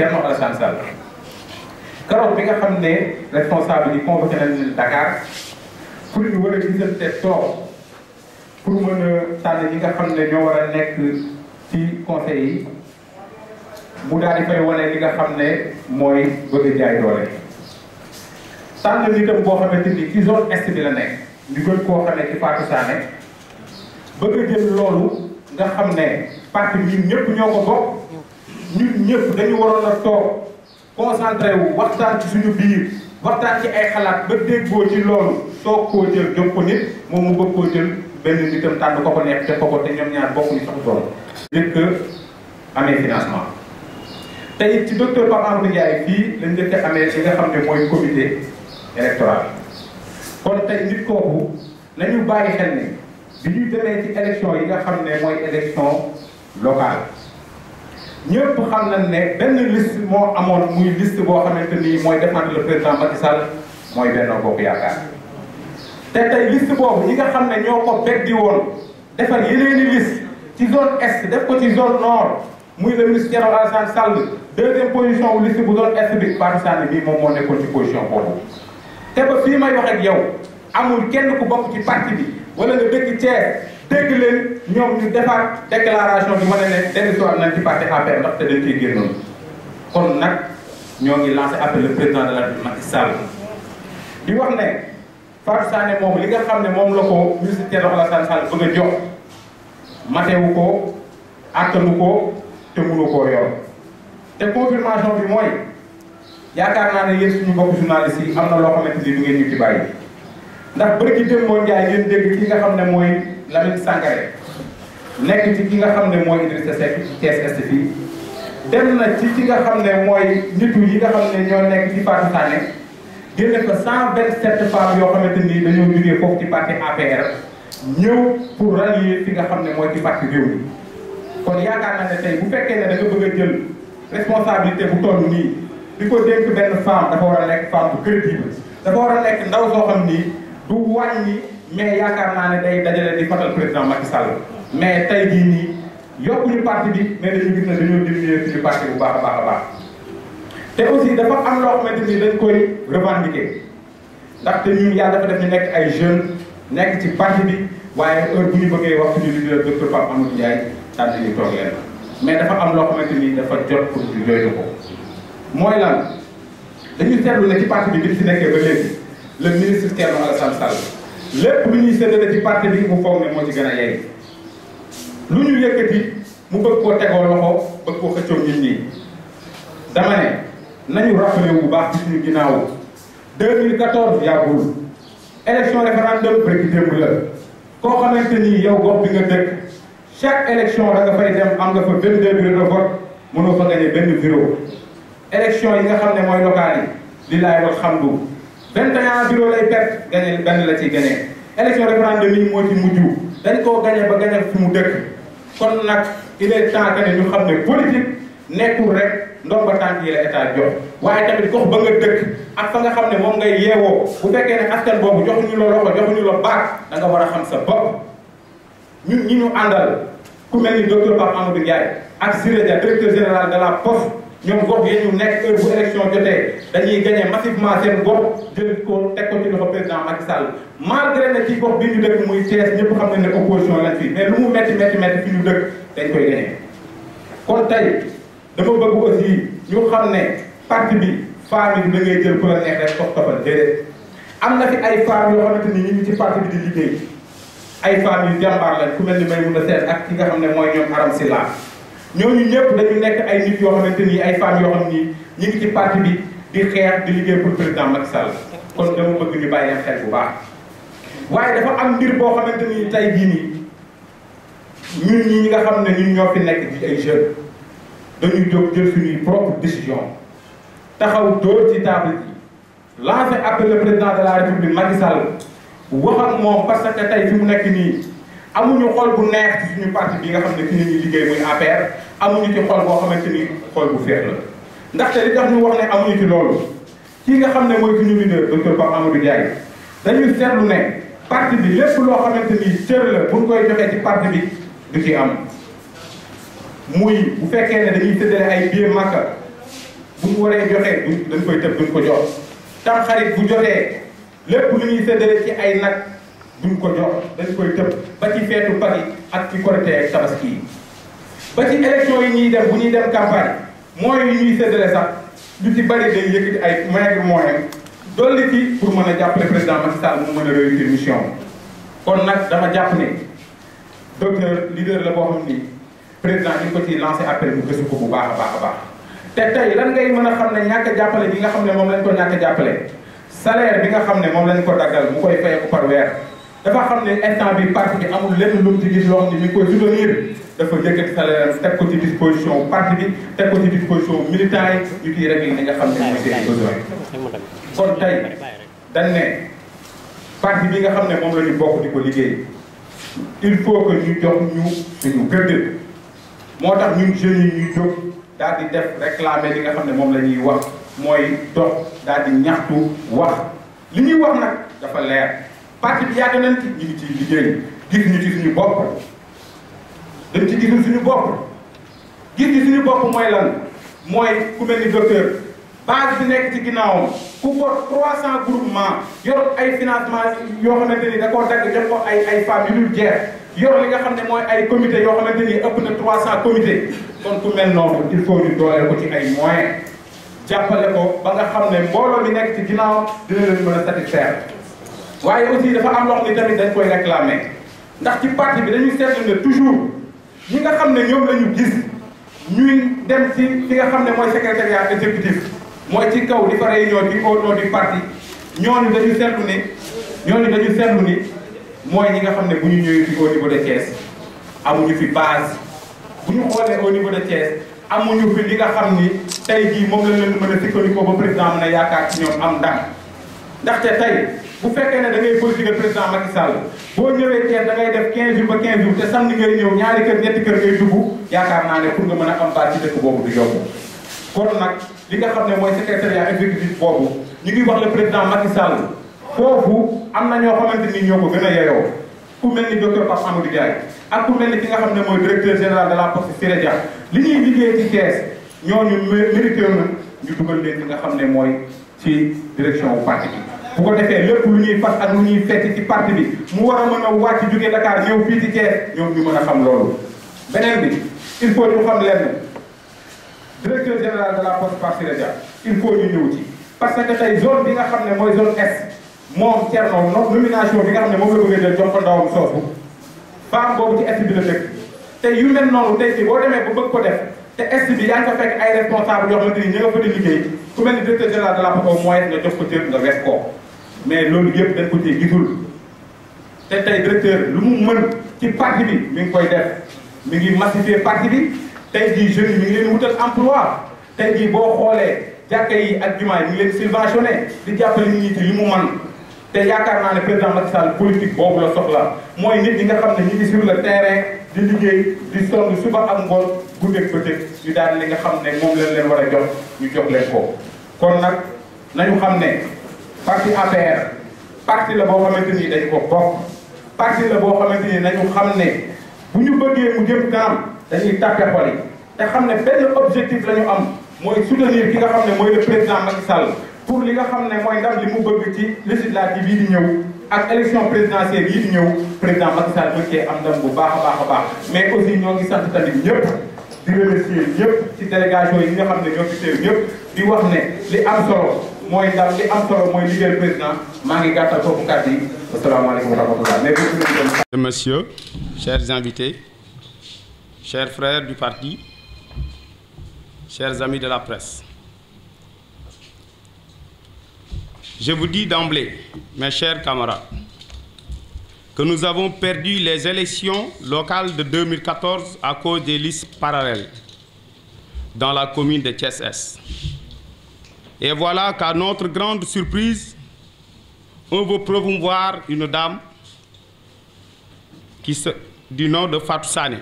Thierno Alassane Sall keroog bi nga xam ne responsable yi convoqué nañu Dakar pour ñu war a pour mën a tànn nga xam ne ñoo war a nekk ci conseil yi mu daal di fay wane li nga xam ne mooy bëgg jaay doole. tànn li itam boo xamante ni ci zone est bi la nekk ñu gën koo xam ne ci Fatou Sané bëgg a loolu nga xam ne parti bi ñëpp ñoo ko bokk. ñu ñëpp dañu waroon a toog concentré wu waxtaan ci suñu biir waxtaan ci ay xalaat ba déggoo ci loolu soo koo jël jox ko nit moom mu bëgg koo jël benn nitam tànn ko ko neex te ko ko te ñoom ñaar bokkuñu sax doon njëkk amee financement te it ci docteur Pape Amadou Ndiaye fii lañ njëkk a amee li nga xam ne mooy comité électoral kon tey nit kooku nañu bàyyi xel ni bi ñu demee ci élection yi nga xam ne mooy élection locale ñëpp xam na ne benn liste moo amoon muy liste boo xamante nii mooy défendre le président Macky Sall mooy Benno Bokk Yaakaar te tey liste boobu ñi nga xam ne ñoo ko beddi woon defar yeneeni liste ci zone est def ko ci zone nord muy le ministre Thierno Alassane Sall deuxième position wu liste bu zone est bi Pakistan bi moom moo nekkoon ci position boobu te ba fii may wax yow amul kenn ku bokk ci parti bi wala nga dëkk Thiès. dégg leen ñoom ñu defaat déclaration bi wane ne dellusiwaat nañ ci parti APR ndax te dañ cee génnoon kon nag ñoo ngi lancé appel le président na la République Macky Sall di wax ne Fatou Sané moom li nga xam ne moom la ko ministre Thierno Alassane Sall bëgg ko attanu ko te mënu koo yor bi mooy yaakaar naa ne yéen suñu mbokk yi am na loo xamante ni du ngeen ci bàyyi nga xam ne mooy. Lamine Sangaré nekk ci ki nga xam ne mooy Idrissa Seck ci Thiès Est fii dem na ci ki nga xam ne mooy nitu yi nga xam ne ñoo nekk ci parti Sané génne fa 127 femmes yoo xamante ni dañoo jógee foofu ci parti APR ñëw pour rallier fi nga xam ne mooy ci parti réew mi kon yaakaar naa ne tey bu fekkee ne da nga bëgg a jël responsabilité bu nii di ko dénk benn femme dafa war a nekk femme bu crédible dafa war a nekk ndaw soo xam ni du wàññi. mais yaakaar naa ne day dajale di fatal président Macky Sall mais tey jii nii yokkuñu parti bi mais dañu gis ne dañoo diminuer suñu parti bu baax a baax baax te aussi dafa am loo xamante ni dañ koy revendiquer ndaxte ñun yàlla dafa def ñu nekk ay jeunes nekk ci parti bi waaye heure bu ñu bëggee wax suñu leader docteur di ñu toog leen mais dafa am loo xamante ni dafa jot pour ñu jooytu ko mooy ci parti bi bi ñu si nekkee ba léegi le ministre Thierno Alassane Sall. lépp lu ñuy séddale ci parti bi mu foog ne moo ci gën a yey lu ñu yëkkati mu bëgg koo tegoo loxo bëgg koo xëccoo nit ñi dama ne nañu rappelé bu baax ci suñu ginnaaw 2014 yàggul élection référendum bërki démb la koo xamante ni yow gox bi nga dëkk chaque élection da nga fay dem am nga fa 22 bureaux de vote mënoo fa gagné benn bureau élection yi nga xam ne mooy locales yi li laay wax xam du 21 bureau lay perte gagné benn la ci gagné élection référendum yi moo ci mujj dañ koo gagné ba gagné fi mu dëkk kon nag il est temps que ñu xam ne politique nekkul rek ndomba tànk yi la état jox waaye tamit gox ba nga dëkk ak fa nga xam ne moom ngay yeewoo bu fekkee ne askan boobu joxuñu la loxo joxuñu la baat da nga war a xam sa bopp ñun ñi ñu àndal ku mel ni docteur Pape Amadou Ndiaye ak Siré Dia directeur général de la pos ñoom gox yooyu ñu nekk heure bu élection jotee dañuy gagné massivement seen gox jël ko teg ko ci loxo président Macky Sall malgré ne ci gox bi ñu dëkk muy Thiès ñëpp xam nañ ne opposition lañ fi mais lu mu métti métti métti fi ñu dëkk dañ koy gagné. kon tey dama bëgg aussi ñu xam ne parti bi femmes yi da ngay jël ku la neex rek toppal déedéet am na fi ay femmes yoo xamante ni ñu ngi ci parti bi di liggéey ay femmes yu jàmbaar lañ ku mel ni Maymouna Sène ak ki nga xam ne mooy ñoom Aram ñooñu ñëpp dañu nekk ay nit yoo xamante nii ay femmes yoo xam ni ñu ngi ci parti bi di xeex di liggéey pour président Macky Sall kon dama bëgg ñu bàyyi xel bu baax waaye dafa am mbir boo xamante ni tey bii nii ñun ñi nga xam ne ñun ñoo fi nekk di ay jeunes dañuy jóg jël suñuy propre décision taxaw dóor ci table yi lancé appel le président de la république Macky Sall wax ak moom parce que tey fi mu nekk nii. amuñu xool bu neex yu ñu parti bi nga xam ne ci la ñuy liggéey muy APR amuñu ci xol boo xamante ni xol bu féex la ndaxte li tax ñu wax ne amuñu ci loolu kii nga xam ne mooy suñu leader docteur Pape Amadou Ndiaye ne parti bi lépp loo xamante ni cër la buñ koy joxee ci parti bi du ci am muy bu fekkee ne dañuy tëddale ay biir màkka buñ waree joxee duñ dañ koy tëb duñ ko jox tam bu jotee lépp lu ñuy séddale ci ay nag duñ ko jox dañ koy tëb ba ci feetu Pâques ak ci Korité ak Tabaski yi ba ci élection yi ñuy def bu ñuy dem campagne moyens yi ñuy séddale sax lu ci bari day yëkkati ay maigre moyen dolli ci pour mën a jàppale président Macky Sall mu mën a réussir mission kon nag dama jàpp ne docteur leader la boo xam ni président ñu ko ci lancé appel mu gëstu ko bu baax a baax a baax te tey lan ngay mën a xam ne ñàkk a jàppale bi nga xam ne moom lañ ko ñàkk a jàppale salaire bi nga xam ne moom lañ ko daggal mu koy fayeku par weer dafa xam ne instant bi parti bi amul leen lu mu ci gis loo dafa yëkkati salaire teg ko ci disposition parti bi teg ko ci disposition militaire yi ñu ciy réglé li nga xam ne mooy seen besoin kon tey ne nga xam ne moom la ñu bokk di ko liggéey il faut que ñu jox ñu suñu gëdd moo tax ñun jeunes yi ñuy jóg daal di def réclamer li nga xam ne moom la ñuy wax mooy dox daal di ñaxtu wax li ñuy wax nag dafa leer parti bi yàgg nañ ci ñu ngi ci liggéey gis ñu ci suñu bopp dañ ci gisul suñu bopp gis ñi suñu bopp mooy lan mooy ku mel ni docteur bi nekk ci ginnaawam ku ko 300 groupement yor ay financement yoo xamante ni da koo dagg jox ko ay ay femmes yu dul jeex yor li nga xam ne mooy ay comité yoo xamante ni ëpp na 300 comité kon ku mel noonu il faut ñu dooleel ko ci ay moyens jàppale ko ba nga xam ne mbooloo bi nekk ci ginnaaw dina leen mën a satisfaire waaye aussi dafa am loo xam ne tamit dañ koy réclamer ndax ci parti bi dañuy seetlu ne toujours ñu nga xam ne ñoom lañu gis ñuy dem ci li nga xam ne mooy secrétariat exécutif mooy ci kaw di fa réunion ci au nom du parti ñooñu dañuy seetlu ni ñooñu dañu seetlu ni mooy ñi nga xam ne bu ñu ñëwee fi au niveau de Thiès amuñu fi base bu ñu xoolee au niveau de Thiès amuñu fi li nga xam ni tey jii moom lañ leen mën a sukkandiku ba président mën a yaakaar ci ñoom am ndam bu fekkee ne dangay ngay politique président Macky Sall boo ñëwee Thiès da ngay def 15 jours ba 15 jours te samedi ngay ñëw ñaari kër ñetti kër ngay dugg yaakaar naa ne pour nga mën a am baat boobu du yomb. kon nga xam ne mooy secrétariat exécutif boobu ñu ngi wax le président Macky Sall foofu am na ñoo xamante ni ñoo ko gën a yeyoo ku mel ni docteur Pape Amadou Diaye ak ku mel ni ki nga xam ne mooy directeur général de la poste Siré Dia li ñuy liggéey ci Thiès ñooñu mérité na ñu dugal nga xam ne mooy ci direction parti bu ko defee lépp lu ñuy fas ak lu ñuy fekk ci parti bi mu war a mën a wàcc jóge Dakar ñëw fii ci Thiès ñoom ñu mën a xam loolu. beneen bi il faut ñu xam lenn directeur général de la pot Bassiré Dia il faut ñu ñëw ci parce que tey zone bi nga xam ne mooy zone est moom Thierno nomination bi nga xam ne moom la bëgg a jël jox ko ndawam soosu baam boobu ci est bi la dëkk te yu mel noonu tey jii boo demee ba bëgg ko def. te est bi yaa ngi ko fekk ay responsable yoo nga fa di liggéey ku mel ni directeur général de la PACO nga ko mais loolu yëpp dañ ko cee gisul te tey directeur lu mu mën ci parti bi mi ngi koy def mi ngi massifier parti bi tey jii jeunes yi mi ngi leen wutal emploi tey jii boo xoolee jàkka yi ak jumaa yi mi ngi leen subventionné di jàppale nit ñi ci mu mën te yaakaar naa ne président Macky Sall politique boobu la soxla mooy nit ñi nga xam ne ñu ngi sur le terrain di liggéey di sonn suba ak ngoon guddeeg bëccëg ñu daal li nga xam ne moom leen leen war a jox ñu jox leen ko kon nag nañu xam ne parti APR parti la boo xamante nii dañ ko bokk parti la boo xamante ni nañu xam ne bu ñu bëggee mu jëm kanam dañuy tàppe xol yi te xam ne benn objectif la ñu am mooy soutenir ki nga xam ne mooy le président Macky pour li nga xam ne mooy ndam li mu bëgg ci législative yi di ñëw ak élection présidentielle yi di ñëw président Macky Sall mën am ndam bu baax a baax baax mais aussi ñoo ngi sant tamit ñëpp di remercier ñëpp ci délégation yi nga xam ne ñoo fi di wax ne li am solo. mooy ndax li am solo mooy liggéeyal président chers invités, chers frères du parti, chers amis de la presse. Je vous dis d'emblée, mes chers camarades, que nous avons perdu les élections locales de 2014 à cause des listes parallèles dans la commune de Thiès-Est. Et voilà qu'à notre grande surprise, on veut promouvoir une dame qui se, du nom de Fatou Sané,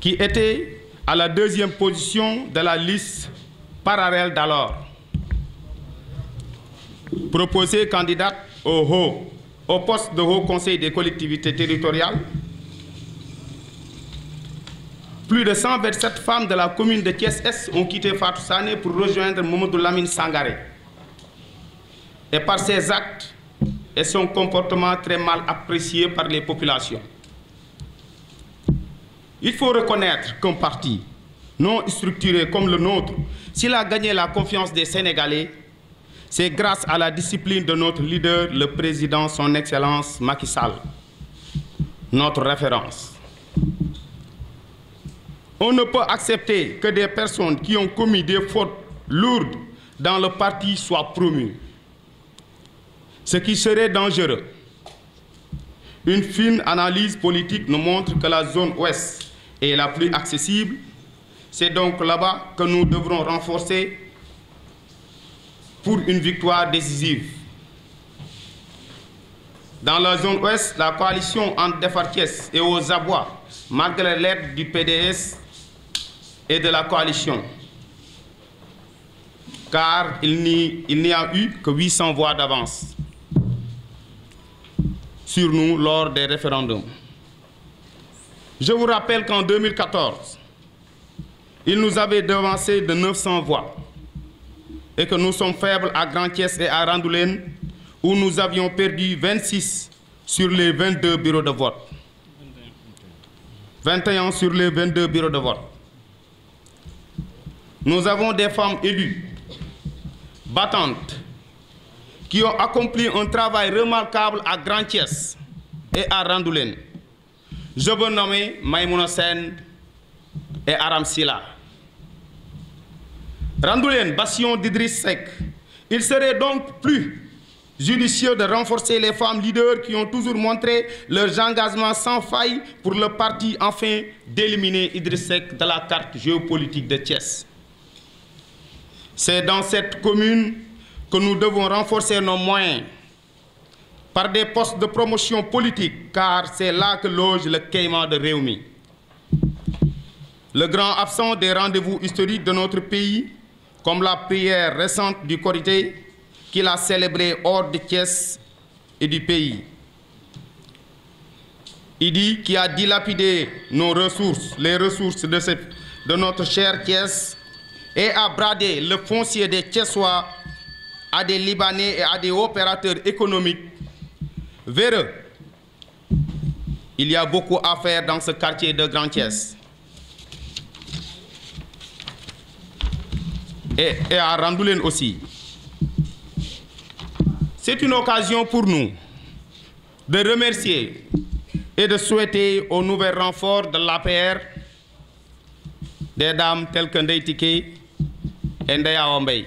qui était à la deuxième position de la liste parallèle d'alors, proposée candidate au, haut, au poste de Haut Conseil des collectivités territoriales Plus de 127 femmes de la commune de Thiès-Est ont quitté Fatou Sané pour rejoindre Mamadou Lamine Sangaré. Et par ses actes et son comportement très mal apprécié par les populations. Il faut reconnaître qu'un parti non structuré comme le nôtre, s'il a gagné la confiance des Sénégalais, c'est grâce à la discipline de notre leader, le président, son Excellence Macky Sall, notre référence. On ne peut accepter que des personnes qui ont commis des fautes lourdes dans le parti soient promues. Ce qui serait dangereux. Une fine analyse politique nous montre que la zone ouest est la plus accessible. C'est donc là-bas que nous devrons renforcer pour une victoire décisive. Dans la zone ouest, la coalition entre Defartiès et aux abois, malgré l'aide du PDS, et de la coalition, car il n'y a eu que 800 sur nous lors des référendums. Je vous rappelle qu'en 2014, il nous de 900 voix et que nous sommes faibles à Grand-Thiès et à Randoulène, où nous avions perdu sur les 22 bureaux de vote. 21 sur les 22 bureaux de vote. Nous avons des femmes élues, battantes, qui ont accompli un travail remarquable à Grand Thiès et à Randoulène. Je veux nommer Maïmouna Sène et Aram Silla. Randoulène, bastion d'Idriss Seck. Il serait donc plus judicieux de renforcer les femmes leaders qui ont toujours montré leur engagement sans faille pour le parti, enfin d'éliminer Idriss Seck de la carte géopolitique de Thiès. C'est dans cette commune que nous devons renforcer nos moyens par des postes de promotion politique, car c'est là que loge le caïman de Réumi. Le grand absent des rendez-vous historiques de notre pays, comme la prière récente du Corité, qu'il a célébrée hors de Thiès et du pays. Il dit qui a dilapidé nos ressources, les ressources de, cette, de notre chère Thiès, et à brader le foncier des Thiessois à des Libanais et à des opérateurs économiques véreux. Il y a beaucoup à faire dans ce quartier de Grand Thiès. Et, et à Randoulène aussi. C'est une occasion pour nous de remercier et de souhaiter au nouvel renfort de l'APR des dames telles que Ndeye Tické et Ndeyawa Mbaye.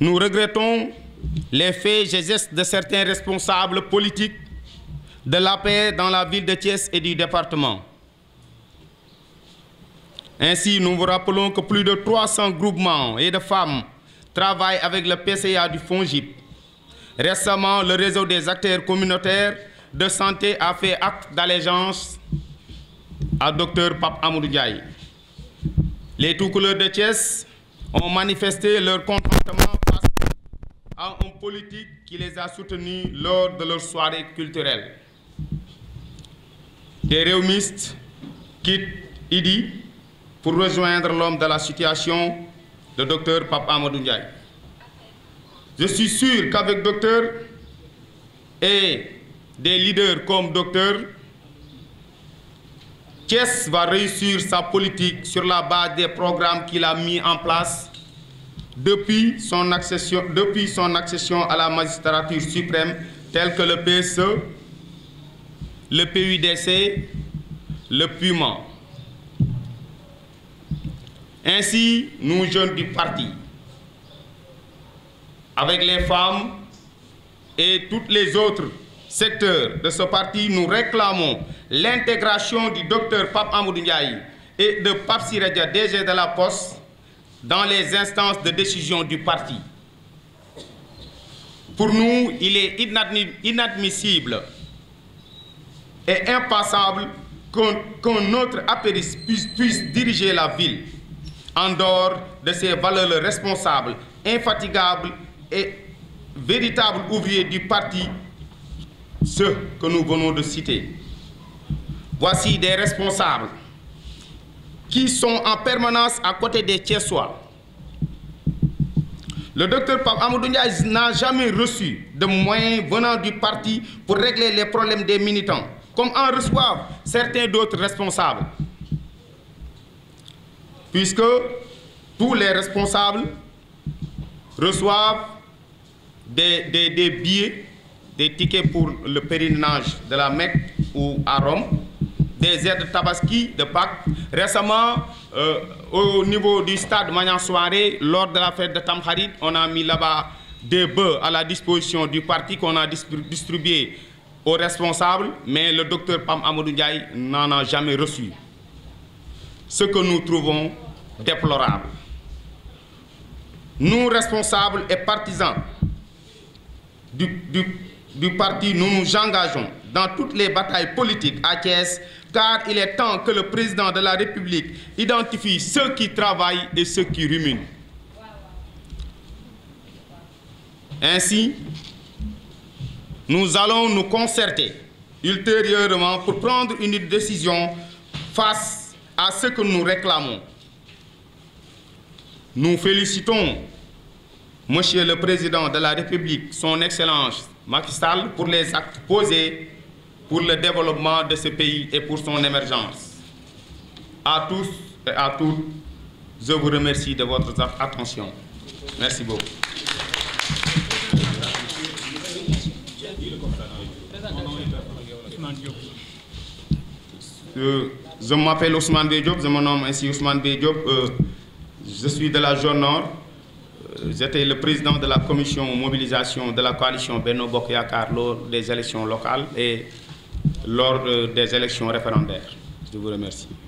Nous regrettons les faits et gestes de certains responsables politiques de la l'APR dans la ville de Thiès et du département. Ainsi, nous vous rappelons que plus de groupements et de femmes travaillent avec le PCA du FONGIP. Récemment, le réseau des acteurs communautaires de santé a fait acte d'allégeance à Dr Pape Amadou Ndiaye. Les Toucouleurs de Thiès ont manifesté leur contentement face à un politique qui les a soutenus lors de leur soirée culturelle. Des réumistes quittent Idi pour rejoindre l'homme de la situation, le docteur Papa Amadou Ndiaye. Je suis sûr qu'avec docteur et des leaders comme docteur Thiès va réussir sa politique sur la base des programmes qu'il a mis en place depuis son accession, depuis son accession à la magistrature suprême, tels que le PSE, des PUDC, le PUMA. Ainsi, nous jeunes du parti, avec les femmes et toutes les autres secteur de ce parti, nous réclamons l'intégration du docteur Pape Amadou Ndiaye et de Pape Siredia, DG de la Poste, dans les instances de décision du parti. Pour nous, il est inadmissible et impassable qu'un autre apériste puisse, puisse diriger la ville en dehors de ses valeurs responsables, infatigables et véritables ouvriers du parti ceux que nous venons de citer. Voici des responsables qui sont en permanence à côté des Thiessois. Le docteur Pape Amadou Ndiaye n'a jamais reçu de moyens venant du parti pour régler les problèmes des militants, comme en reçoivent certains d'autres responsables. Puisque tous les responsables reçoivent des, des, des billets des tickets pour le pèlerinage de la Mecque ou à Rome, des aides Tabaski de Pâques. Récemment, euh, au niveau du stade Magnan Soirée, lors de la fête de Tamharit, on a mis là des bœufs à la disposition du parti qu'on a distribué aux responsables, mais le docteur Pam Amadou Ndiaye n'en a jamais reçu. Ce que nous trouvons déplorable. Nous, responsables et partisans du du parti, nous nous engageons dans toutes les batailles politiques à Thiès, car il est temps que le président de la République identifie ceux qui travaillent et ceux qui ruminent. Ainsi, nous allons nous concerter ultérieurement pour prendre une décision face à ce que nous réclamons. Nous félicitons Monsieur le Président de la République, Son Excellence, Macky Sall pour les actes posés pour le développement de ce pays et pour son émergence. À tous et à toutes, je vous remercie de votre attention. Merci beaucoup. Euh, je m'appelle Ousmane Diop, je me nomme ainsi euh, je suis de la zone nord. j'étais le président de la commission mobilisation de la coalition Benno Bokk Yaakaar lors des élections locales et lors euh, des élections référendaires je vous remercie